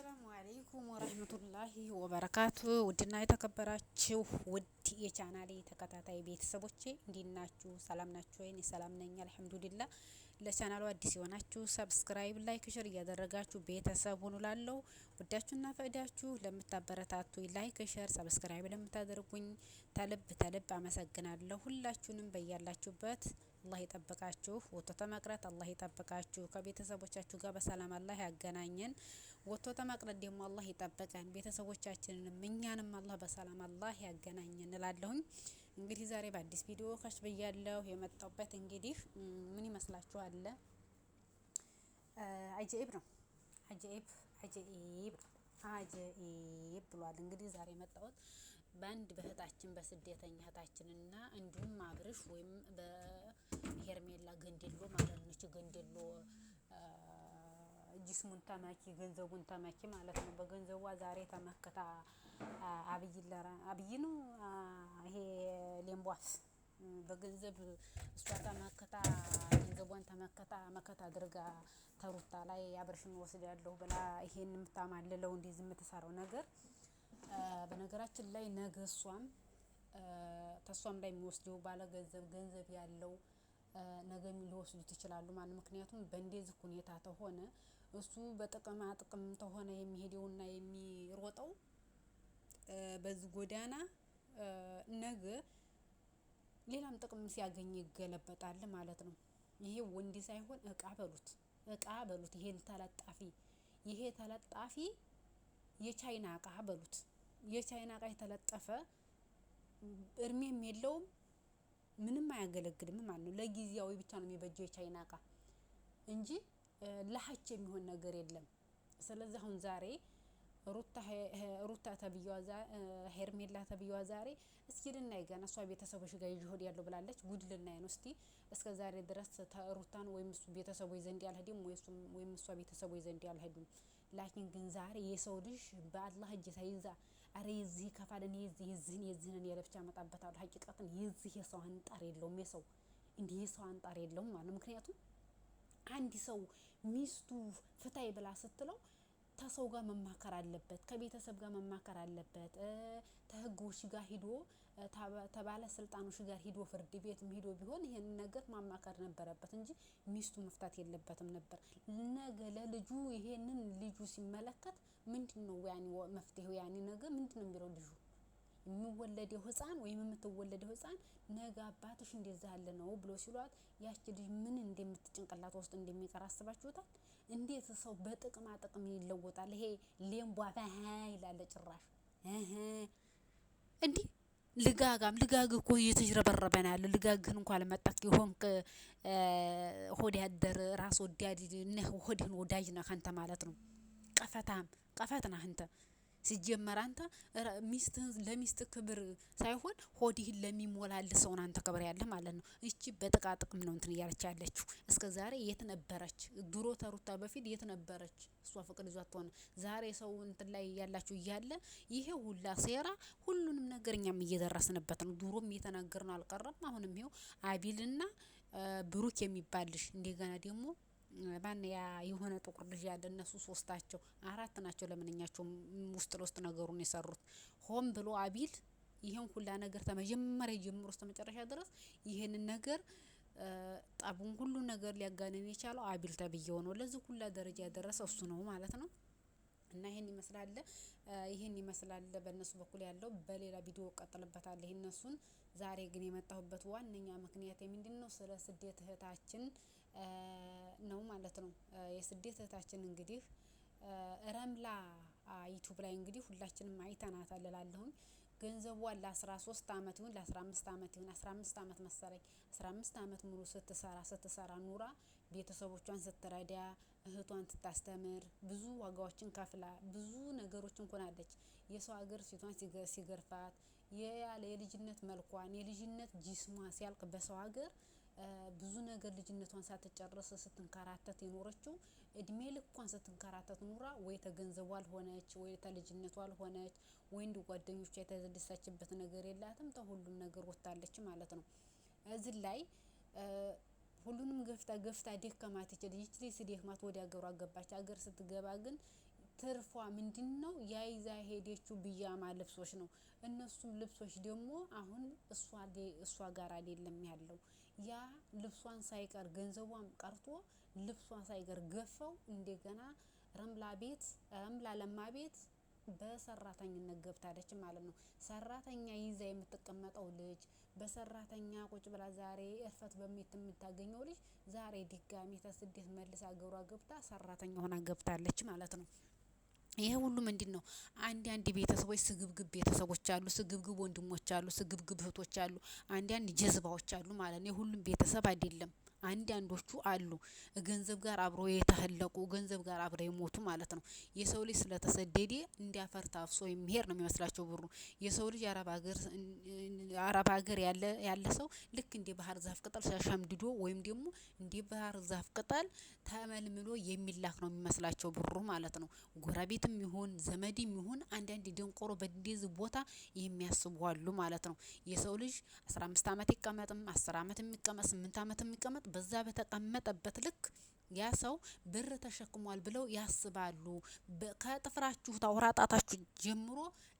አሰላሙ አለይኩም ወረህመቱላሂ ወበረካቱ። ውድና የተከበራችሁ ውድ የቻናሌ ተከታታይ ቤተሰቦቼ እንዴት ናችሁ? ሰላም ናችሁ ወይ? ሰላም ነኝ አልሐምዱሊላ። ለቻናሉ አዲስ የሆናችሁ ሰብስክራይብ፣ ላይክ፣ ሸር እያደረጋችሁ ቤተሰብ ሁኑ። ላለው ወዳችሁና ፈቅዳችሁ ለምታበረታቱ ላይክ፣ ሸር፣ ሰብስክራይብ ለምታደርጉኝ ተልብ ተልብ አመሰግናለሁ። ሁላችሁንም በያላችሁበት አላህ ይጠብቃችሁ። ወጥቶ ተመቅረት አላህ ይጠብቃችሁ። ከቤተሰቦቻችሁ ጋር በሰላም አላህ ያገናኘን። ወጥቶ ተመቅረት ደግሞ አላህ ይጠብቀን። ቤተሰቦቻችንንም እኛንም አላህ በሰላም አላህ ያገናኘን እላለሁኝ። እንግዲህ ዛሬ በአዲስ ቪዲዮ ከች ብያለሁ። የመጣውበት እንግዲህ ምን ይመስላችኋል? አጀኢብ ነው። አጀኢብ አጀኢብ አጀኢብ ብሏል። እንግዲህ ዛሬ የመጣሁት በአንድ በእህታችን በስደተኛ እህታችንና እንዲሁም አብርሽ ወይም ሄርሜላ ገንዴሎ ማለት ነች። ገንዴሎ ጅስሙን ተመኪ ገንዘቡን ተመኪ ማለት ነው። በገንዘቧ ዛሬ ተመክታ አብይ ለራ አብይ ነው ይሄ ሌምቧስ በገንዘብ እሷ ተመክታ ገንዘቧን ተመከታ መከታ አድርጋ ተሩታ ላይ አብርሽን ወስዳለሁ ብላ ይሄን የምታማልለው እንደዚህ የምትሰራው ነገር በነገራችን ላይ ነገ እሷም ተሷም ላይ የሚወስደው ባለ ገንዘብ ገንዘብ ያለው ነገ ሊወስዱት ይችላሉ ማለት ምክንያቱም በእንደዚህ ሁኔታ ተሆነ እሱ በጥቅማ ጥቅም ተሆነ የሚሄደውና የሚሮጠው በዚህ ጎዳና ነገ ሌላም ጥቅም ሲያገኝ ይገለበጣል ማለት ነው። ይሄ ወንድ ሳይሆን እቃ በሉት እቃ በሉት ይሄን ተለጣፊ ይሄ ተለጣፊ የቻይና እቃ በሉት የቻይና እቃ የተለጠፈ እድሜም የለውም ምንም አያገለግልም ማለት ነው። ለጊዜያዊ ብቻ ነው የሚበጀው የቻይና እቃ እንጂ ለሀች የሚሆን ነገር የለም። ስለዚህ አሁን ዛሬ ሩታ ተብዬዋ ሄርሜላ ተብዬዋ ዛሬ እስኪ ልናይ ገና እሷ ቤተሰቦች ጋር ይዤ ሆድ ያለው ብላለች። ጉድ ልናይ ነው እስቲ። እስከ ዛሬ ድረስ ሩታን ወይም እሱ ቤተሰቦች ዘንድ ያልሄድም ወይም እሷ ቤተሰቦች ዘንድ ያልሄዱም ላኪን ግን ዛሬ የሰው ልጅ በአላህ እጅ ተይዛ፣ አረ የዚህ ከፋልን የዚህ የዚህን የዚህንን የለብቻ መጣበታለሁ። ሀቂቃትን የዚህ የሰው አንጣር የለውም። የሰው እንዲህ የሰው አንጣር የለውም ማለት ምክንያቱም አንድ ሰው ሚስቱ ፍታይ ብላ ስትለው ተሰው ጋር መማከር አለበት፣ ከቤተሰብ ጋር መማከር አለበት፣ ተህጎች ጋር ሂዶ ከባለስልጣኖች ጋር ሂዶ ፍርድ ቤትም ሂዶ ቢሆን ይሄን ነገር ማማከር ነበረበት እንጂ ሚስቱ መፍታት የለበትም ነበር። ነገ ለልጁ ይሄንን ልጁ ሲመለከት ምንድን ነው ያኔ መፍትሄው? ያኔ ነገ ምንድን ነው የሚለው ልጁ የሚወለደው ህፃን ወይም የምትወለደው ህፃን ነገ አባትሽ እንደዛ ያለ ነው ብሎ ሲሏት ያቺ ልጅ ምን እንደምትጭንቅላት ውስጥ እንደሚቀር አስባችሁታል? እንዴት ሰው በጥቅማ ጥቅም ይለወጣል? ይሄ ሌምቧ ይላለ ጭራሽ እንዲህ ልጋጋም ልጋግ እኮ እየተጅረበረበ ነው ያለው። ልጋግህን እንኳ ለመጣት የሆንክ ሆድ ያደር ራስ ወዳድ ነህ። ሆድህን ወዳጅ ነህ አንተ ማለት ነው። ቀፈታም ቀፈት ነህ አንተ። ሲጀመር አንተ ሚስትህን ለሚስት ክብር ሳይሆን ሆዲህን ለሚሞላል ሰውን አንተ ክብር ያለ ማለት ነው። በጥቃ በጥቃጥቅም ነው እንትን እያለች ያለችው እስከ ዛሬ የት ነበረች? ድሮ ተሩታ በፊት የት ነበረች? እሷ ፍቅር ይዟት ሆነ ዛሬ ሰው እንትን ላይ ያላችሁ እያለ ይሄ ሁላ ሴራ ሁሉንም ነገር እኛም እየደረስንበት ነው። ድሮም ነው አልቀረም። አሁንም ይኸው አቢልና ብሩክ የሚባልሽ እንደገና ደግሞ ማን ያ የሆነ ጥቁር ልጅ ያለ እነሱ ሶስታቸው አራት ናቸው። ለምንኛቸው ውስጥ ለውስጥ ነገሩን የሰሩት ሆን ብሎ አቢል ይሄን ሁላ ነገር ተመጀመሪያ ጀምሮ እስከ መጨረሻ ድረስ ይሄንን ነገር ጠቡን ሁሉ ነገር ሊያጋነን የቻለው አቢል ተብዬው ነው። ለዚህ ሁላ ደረጃ ያደረሰ እሱ ነው ማለት ነው። እና ይሄን ይመስላል ይሄን ይመስላል በእነሱ በኩል ያለው። በሌላ ቪዲዮ ቀጥልበታል ይሄን እነሱን። ዛሬ ግን የመጣሁበት ዋነኛ ምክንያት ምንድን ነው? ስለ ስደት እህታችን ነው ማለት ነው። የስደት እህታችን እንግዲህ ረምላ ዩቱብ ላይ እንግዲህ ሁላችንም አይተናታል እላለሁኝ። ገንዘቧን ለ13 አመት ይሁን ለአስራ 15 አመት ይሁን አስራ አምስት መሰለኝ 15 ዓመት ሙሉ ስትሰራ ስትሰራ ኑራ ቤተሰቦቿን ስትረዳ እህቷን ስታስተምር ብዙ ዋጋዎችን ከፍላ ብዙ ነገሮችን ኮናለች የሰው ሀገር ፊቷን ሲገርፋት የልጅነት መልኳን የልጅነት ጂስሟ ሲያልቅ በሰው ሀገር ብዙ ነገር ልጅነቷን ሳትጨርስ ስትንከራተት የኖረችው እድሜ ልኳን ስትንከራተት ኑራ ወይ ተገንዘቧ አልሆነች፣ ወይ ተልጅነቷ አልሆነች፣ ወይ እንዲ ጓደኞቿ የተደሰችበት ነገር የላትም። ተሁሉም ነገር ወጥታለች ማለት ነው። እዚህ ላይ ሁሉንም ገፍታ ገፍታ ደከማት። ይችል ይች ስደክማት ወደ ሀገሯ ገባች። አገር ስትገባ ግን ትርፏ ምንድን ነው? ያይዛ ሄደችው ብያማ ልብሶች ነው። እነሱም ልብሶች ደግሞ አሁን እሷ ጋር አይደለም ያለው ያ ልብሷን ሳይቀር ገንዘቧም ቀርቶ ልብሷን ሳይቀር ገፈው እንደገና ረምላ ቤት ረምላ ለማ ቤት በሰራተኝነት ገብታለች ማለት ነው። ሰራተኛ ይዛ የምትቀመጠው ልጅ በሰራተኛ ቁጭ ብላ ዛሬ እርፈት በሚት የምታገኘው ልጅ ዛሬ ድጋሚ ተስደት መልሳ አገሯ ገብታ ሰራተኛ ሆና ገብታለች ማለት ነው። ይሄ ሁሉ ምንድን ነው? አንድ አንድ ቤተሰቦች ስግብግብ ቤተሰቦች አሉ፣ ስግብግብ ወንድሞች አሉ፣ ስግብግብ እህቶች አሉ፣ አንድ አንድ ጀዝባዎች አሉ ማለት ነው። የሁሉም ቤተሰብ አይደለም። አንድ አንዶቹ አሉ ገንዘብ ጋር አብሮ የተህለቁ ገንዘብ ጋር አብረ የሞቱ ማለት ነው። የሰው ልጅ ስለተሰደደ እንዲያፈር ታፍሶ የሚሄድ ነው የሚመስላቸው ብሩ። የሰው ልጅ አረብ ሀገር ያለ ሰው ልክ እንደ ባህር ዛፍ ቅጠል ሻሻምድዶ ወይም ደግሞ እንደ ባህር ዛፍ ቅጠል ተመልምሎ የሚላክ ነው የሚመስላቸው ብሩ ማለት ነው። ጎረቤትም ይሁን ዘመድም ይሁን አንዳንድ ደንቆሮ በዲዝ ቦታ የሚያስቡ አሉ ማለት ነው። የሰው ልጅ 15 አምስት አመት ይቀመጥም 10 አመት የሚቀመጥ 8 አመት የሚቀመጥ በዛ በተቀመጠበት ልክ ያ ሰው ብር ተሸክሟል ብለው ያስባሉ። ከጥፍራችሁ ታውራጣታችሁ ጀምሮ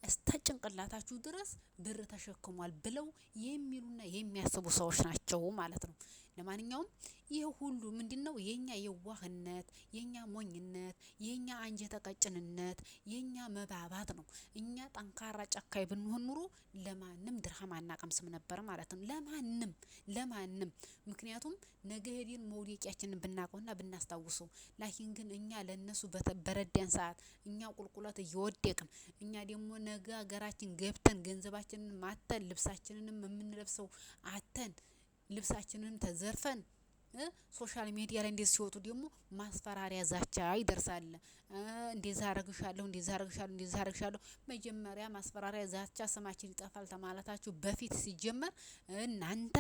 እስተ ጭንቅላታችሁ ድረስ ብር ተሸክሟል ብለው የሚሉና የሚያስቡ ሰዎች ናቸው ማለት ነው። ለማንኛውም ይህ ሁሉ ምንድን ነው? የኛ የዋህነት፣ የኛ ሞኝነት፣ የኛ አንጀተ ቀጭንነት፣ የኛ መባባት ነው። እኛ ጠንካራ ጨካኝ ብንሆን ኑሮ ለማንም ድርሃም አናቀምስም ነበር ማለት ነው። ለማንም ለማንም። ምክንያቱም ነገ ሄደን መውደቂያችንን ብናውቀውና ብናስታውሰው፣ ላኪን ግን እኛ ለነሱ በረዳን ሰዓት እኛ ቁልቁለት እየወደቅን እኛ ደግሞ ነገ ሀገራችን ገብተን ገንዘባችንን ማተን ልብሳችንንም የምንለብሰው አተን ልብሳችንንም ተዘርፈን ሶሻል ሚዲያ ላይ እንደዚህ ሲወጡ ደግሞ ማስፈራሪያ ዛቻ ይደርሳል። እንደዛ አረግሻለሁ፣ እንደዛ አረግሻለሁ፣ እንደዛ አረግሻለሁ። መጀመሪያ ማስፈራሪያ ዛቻ ስማችን ይጠፋል ተማላታችሁ በፊት ሲጀመር እናንተ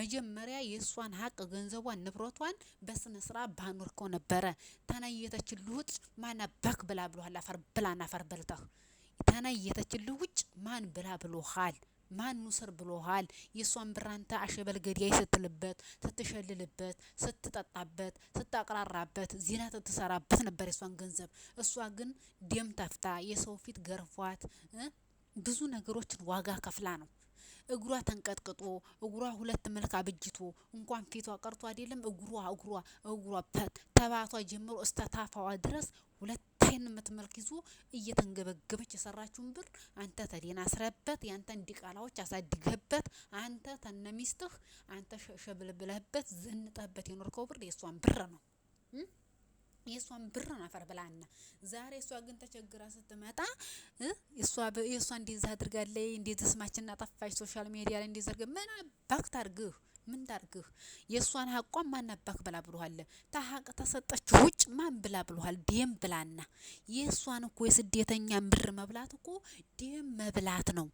መጀመሪያ የእሷን ሀቅ ገንዘቧን፣ ንብረቷን በስነ ስራ ባኖርከው ነበረ። ተናየተችን ልውጭ ማና በክ ብላ ብሎሃል። አፈር ብላና አፈር በልተህ ተናየተችን ልውጭ ማን ብላ ብሎሃል። ማን ውስር ብሎሃል? የእሷን ብር አንተ አሸበል ገዳይ ስትልበት፣ ስትሸልልበት፣ ስትጠጣበት፣ ስታቅራራበት፣ ዜና ስትሰራበት ነበር የእሷን ገንዘብ። እሷ ግን ደም ተፍታ የሰው ፊት ገርፏት ብዙ ነገሮችን ዋጋ ከፍላ ነው እግሯ ተንቀጥቅጦ እግሯ ሁለት መልክ አብጅቶ እንኳን ፊቷ ቀርቶ አይደለም እግሯ እግሯ እግሯ ተባቷ ጀምሮ እስተታፋዋ ድረስ ሁለታይን የምትመልክ ይዞ እየተንገበገበች የሰራችውን ብር አንተ ተዴን አስረበት ያንተን ዲቃላዎች አሳድገበት አንተ ተነሚስትህ አንተ ሸብልብለህበት ዘንጠህበት የኖርከው ብር የእሷን ብር ነው። የእሷን ብር ናፈር ብላና ዛሬ እሷ ግን ተቸግራ ስትመጣ እሷ የእሷ እንደዚህ አድርጋለይ እንደዚህ ስማችንና አጠፋች ሶሻል ሚዲያ ላይ እንደዚህ አድርገህ ምን አባክ ታርግህ ምን ዳርግህ? የእሷን ሀቋን ማናባክ ብላ ብሎሃል። ታሀቅ ተሰጠች ውጭ ማን ብላ ብሎሃል? ደም ብላና የእሷን እኮ የስደተኛን ብር መብላት እኮ ደም መብላት ነው።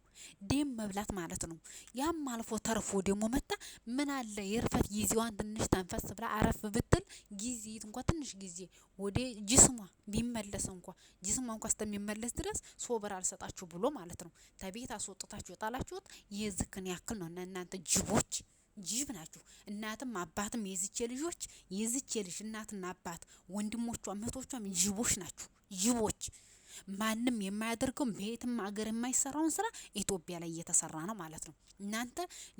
ደም መብላት ማለት ነው። ያም አልፎ ተርፎ ደግሞ መታ ምን አለ የእርፈት ጊዜዋን ትንሽ ተንፈስ ብላ አረፍ ብትል ጊዜ እንኳ ትንሽ ጊዜ ወደ ጅስሟ ቢመለስ እንኳ ጅስሟ እንኳ እስከሚመለስ ድረስ ሶበር አልሰጣችሁ ብሎ ማለት ነው። ተቤት አስወጥታችሁ የጣላችሁት የዝክን ያክል ነው። እናንተ ጅቦች ጅብ ናችሁ። እናትም አባትም የዝቼ ልጆች የዝቼ ልጅ እናትና አባት ወንድሞቿ እህቶቿም ጅቦች ናችሁ። ጅቦች ማንም የማያደርገውን በየትም ሀገር የማይሰራውን ስራ ኢትዮጵያ ላይ እየተሰራ ነው ማለት ነው። እናንተ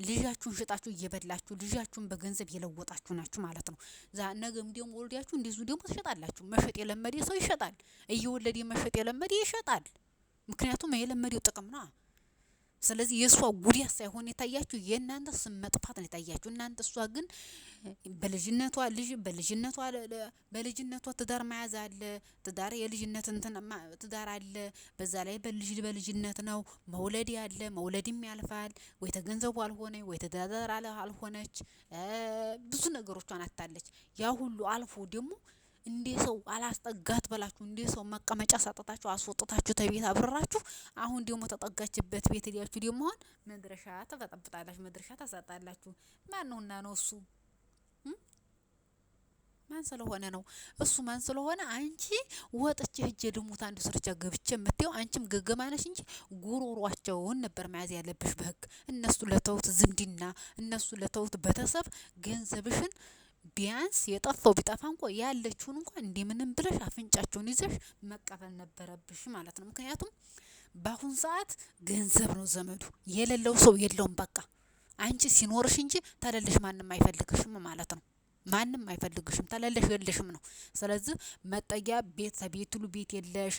ልጃችሁን ሽጣችሁ እየበላችሁ ልጃችሁን በገንዘብ የለወጣችሁ ናችሁ ማለት ነው። ዛ ነገም ደግሞ ወልዳችሁ እንደዚሁ ደግሞ ትሸጣላችሁ። መሸጥ የለመደ ሰው ይሸጣል። እየወለደ መሸጥ የለመደ ይሸጣል። ምክንያቱም የለመደው ጥቅም ነው። ስለዚህ የእሷ ጉዳት ሳይሆን የታያችሁ የእናንተ ስም መጥፋት ነው የታያችሁ እናንተ። እሷ ግን በልጅነቷ ልጅ በልጅነቷ በልጅነቷ ትዳር መያዝ አለ ትዳር የልጅነት እንትን ትዳር አለ። በዛ ላይ በልጅ በልጅነት ነው መውለድ ያለ መውለድም ያልፋል። ወይ ተገንዘቡ አልሆነ ወይ ትዳር አልሆነች ብዙ ነገሮቿን አታለች። ያ ሁሉ አልፎ ደግሞ እንዴ ሰው አላስጠጋት በላችሁ እንዴ ሰው መቀመጫ ሰጥታችሁ አስወጥታችሁ ተቤት አብረራችሁ፣ አሁን ደግሞ ተጠጋችበት ቤት ሄዳችሁ ደግሞ አሁን መድረሻ ተበጠብጣላችሁ፣ መድረሻ ታሳጣላችሁ። ማን ነውና ነው እሱ ማን ስለሆነ ነው እሱ ማን ስለሆነ? አንቺ ወጥቼ ሄጄ ድሙት አንድ ስርቻ ገብቼ የምትየው አንቺም ገገማነሽ እንጂ ጉሮሯቸውን ነበር መያዝ ያለብሽ በህግ። እነሱ ለተውት ዝምድና፣ እነሱ ለተውት ቤተሰብ ገንዘብሽን ቢያንስ የጠፋው ቢጠፋ እንኳ ያለችውን እንኳ እንደምንም ብለሽ አፍንጫቸውን ይዘሽ መቀበል ነበረብሽ ማለት ነው። ምክንያቱም በአሁን ሰዓት ገንዘብ ነው ዘመዱ፣ የሌለው ሰው የለውም። በቃ አንቺ ሲኖርሽ እንጂ ተለለሽ ማንም አይፈልግሽም ማለት ነው። ማንም አይፈልግሽም ተለለሽ የለሽም ነው። ስለዚህ መጠጊያ ቤት ተቤት ሉ ቤት የለሽ፣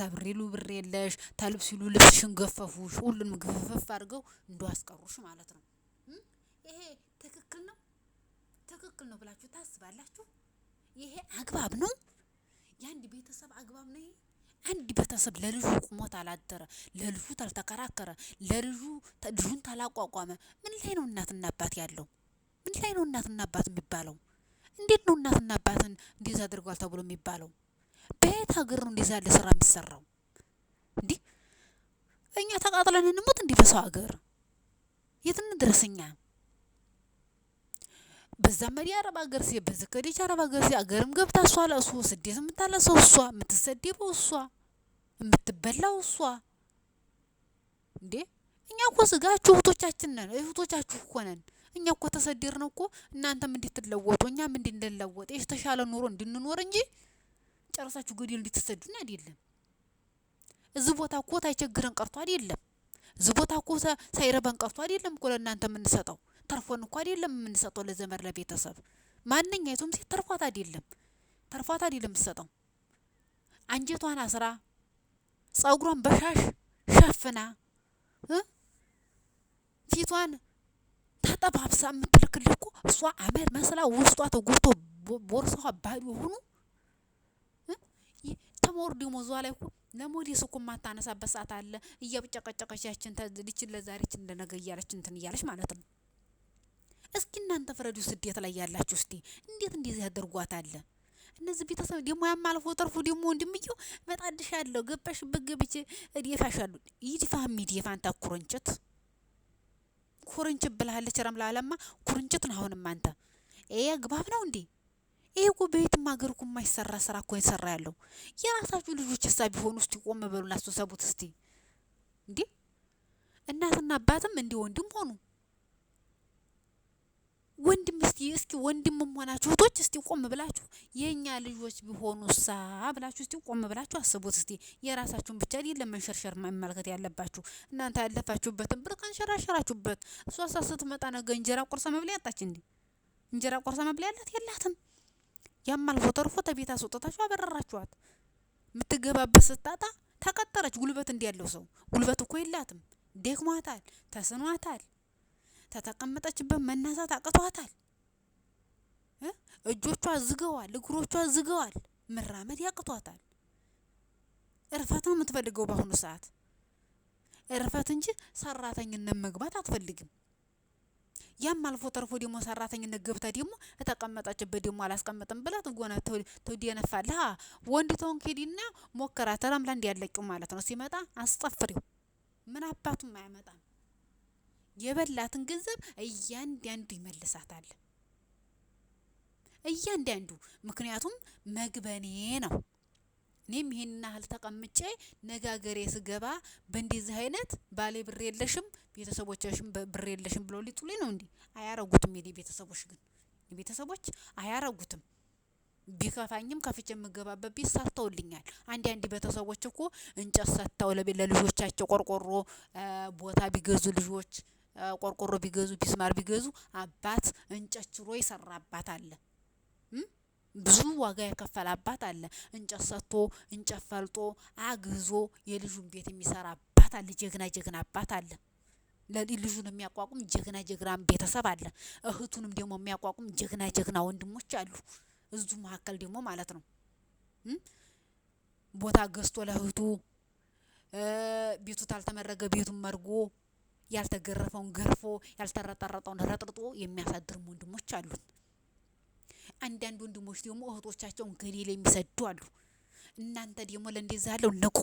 ተብር ብር የለሽ፣ ተልብስ ሉ ልብስሽን ገፈፉሽ፣ ሁሉንም ግፍፍፍ አድርገው እንደ አስቀሩሽ ማለት ነው። ይሄ ትክክል ነው ትክክል ነው ብላችሁ ታስባላችሁ? ይሄ አግባብ ነው? የአንድ ቤተሰብ አግባብ ነው አንድ ቤተሰብ ለልጁ ቁሞት አላደረ፣ ለልጁ ታልተከራከረ፣ ለልጁ ልጁን ታላቋቋመ፣ ምን ላይ ነው እናትና አባት ያለው? ምን ላይ ነው እናትና አባት የሚባለው? እንዴት ነው እናትና አባትን እንዲዛ አድርጓል ተብሎ የሚባለው? በየት ሀገር ነው እንዲዛ ያለ ስራ የሚሰራው? እንዲህ እኛ ተቃጥለን እንሞት እንዲህ በሰው ሀገር የት እኛ? በዛ መሪ አረብ ሀገር ሴ በዛ ከዲች አረብ ሀገር ሴ አገርም ገብታ እሷ ለእሱ ስደት የምታለሰው እሷ የምትሰደበው እሷ የምትበላው እሷ እንዴ እኛ እኮ ስጋችሁ እህቶቻችን ነን፣ እህቶቻችሁ እኮ ነን። እኛ እኮ ተሰደር ነው እኮ እናንተም እንድትለወጡ እኛም እንድንለወጥ የተሻለ ኑሮ እንድንኖር እንጂ ጨርሳችሁ ገደል እንድትሰዱን አይደለም። እዚህ ቦታ እኮ ታይቸግረን ቀርቶ አይደለም። እዚህ ቦታ እኮ ሳይረበን ቀርቶ አይደለም እኮ ለእናንተ የምንሰጠው ተርፎን እኮ አይደለም የምንሰጠው ለዘመድ ለቤተሰብ። ማንኛይቱም ሴት ተርፏት አይደለም ተርፏት አይደለም የምትሰጠው። አንጀቷን አስራ ጸጉሯን በሻሽ ሸፍና ፊቷን ተጠባብሳ የምትልክልህ እኮ እሷ አመድ መስላ ውስጧ ተጎድቶ ቦርሳዋ ባዶ ሆኖ ተሞር ደሞዟ ላይ እኮ ለሞዴስ እኮ የማታነሳበት ሰዓት አለ። እያብጨቀጨቀች ያችን ልችን ለዛሬችን ለነገ እያለች እንትን እያለች ማለት ነው። እናንተ ፍረዱ። ስደት ላይ ያላችሁ እስቲ እንዴት እንደዚህ ያደርጓታል? እነዚህ ቤተሰብ ደግሞ ያማልፎ ጠርፎ ደግሞ ወንድምየው መጣድሻለሁ ገባሽበት ገብቼ እድፋሻሉ ይድፋ ሚድፋ አንታ ኩርንችት ኩርንችት ብላለች ረምላ አለማ ኩርንችት ነው። አሁንም አንተ ይሄ አግባብ ነው እንዴ? ይሄ እኮ በየትም ሀገር እኮ የማይሰራ ስራ እኮ የሰራ ያለው የራሳችሁ ልጆች እሳ ቢሆኑ እስቲ ቆም በሉና አስተሰቡት እስቲ እንዴ እናትና አባትም እንዲ ወንድም ሆኑ። ወንድም እስቲ እስኪ ወንድም መሆናችሁ እህቶች እስቲ ቆም ብላችሁ የኛ ልጆች ቢሆኑ ሳ ብላችሁ እስቲ ቆም ብላችሁ አስቡት። እስቲ የራሳችሁን ብቻ ዲል ለመንሸርሸር መመልከት ያለባችሁ እናንተ ያለፋችሁበትን ብር ከንሸራሸራችሁበት እሷ ሳ ስትመጣ ነገ እንጀራ ቆርሳ መብላ ያጣች እንዴ? እንጀራ ቆርሳ መብላ ያላት የላትም። ያም አልፎ ተርፎ ተቤት አስወጥታችሁ አበረራችኋት። የምትገባበት ስታጣ ተቀጠረች። ጉልበት እንዲ ያለው ሰው ጉልበት እኮ የላትም። ደክሟታል፣ ተስኗታል። ተተቀመጠችበት መነሳት አቅቷታል። እጆቿ ዝገዋል፣ እግሮቿ ዝገዋል፣ መራመድ ያቅቷታል። እርፈት ነው የምትፈልገው በአሁኑ ሰዓት እርፈት እንጂ ሰራተኝነት መግባት አትፈልግም። ያም አልፎ ተርፎ ደግሞ ሰራተኝነት ገብታ ደግሞ ተቀመጠችበት ደግሞ አላስቀምጥም ብላ ትጎና ትደነፋለህ። ወንድ ተሆንክ ሄዲና ሞከራ ተላምላ እንዲያለቂው ማለት ነው። ሲመጣ አስጠፍሪው ምን አባቱም አያመጣም። የበላትን ገንዘብ እያንዳንዱ ይመልሳታል። እያንዳንዱ ምክንያቱም መግበኔ ነው። እኔም ይሄንን ያህል ተቀምጬ ነጋገሬ ስገባ በእንደዚህ አይነት ባሌ ብር የለሽም ቤተሰቦችሽም ብር የለሽም ብሎ ሊጡልኝ ነው እንዴ? አያረጉትም። የኔ ቤተሰቦች ግን ቤተሰቦች አያረጉትም። ቢከፋኝም ከፍቼ የምገባበት ቤት ሰርተውልኛል። አንዳንድ ቤተሰቦች እኮ እንጨት ሰጥተው ለልጆቻቸው ቆርቆሮ ቦታ ቢገዙ ልጆች ቆርቆሮ ቢገዙ ቢስማር ቢገዙ አባት እንጨት ችሮ የሰራ አባት አለ። ብዙ ዋጋ የከፈለ አባት አለ። እንጨት ሰጥቶ እንጨት ፈልጦ አግዞ የልጁን ቤት የሚሰራ አባት አለ። ጀግና ጀግና አባት አለ። ልጁን የሚያቋቁም ጀግና ጀግና ቤተሰብ አለ። እህቱንም ደግሞ የሚያቋቁም ጀግና ጀግና ወንድሞች አሉ። እዙ መካከል ደግሞ ማለት ነው ቦታ ገዝቶ ለእህቱ ቤቱ ታልተመረገ ቤቱን መርጎ ያልተገረፈውን ገርፎ ያልተረጠረጠውን ረጥርጦ የሚያሳድርም ወንድሞች አሉ። አንዳንድ ወንድሞች ደግሞ እህቶቻቸውን ገሌል የሚሰዱ አሉ። እናንተ ደግሞ ለእንደዛ ያለው ንቁ፣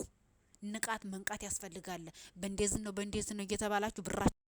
ንቃት መንቃት ያስፈልጋል። በእንደዝን ነው በእንደዝን ነው እየተባላችሁ ብራችሁ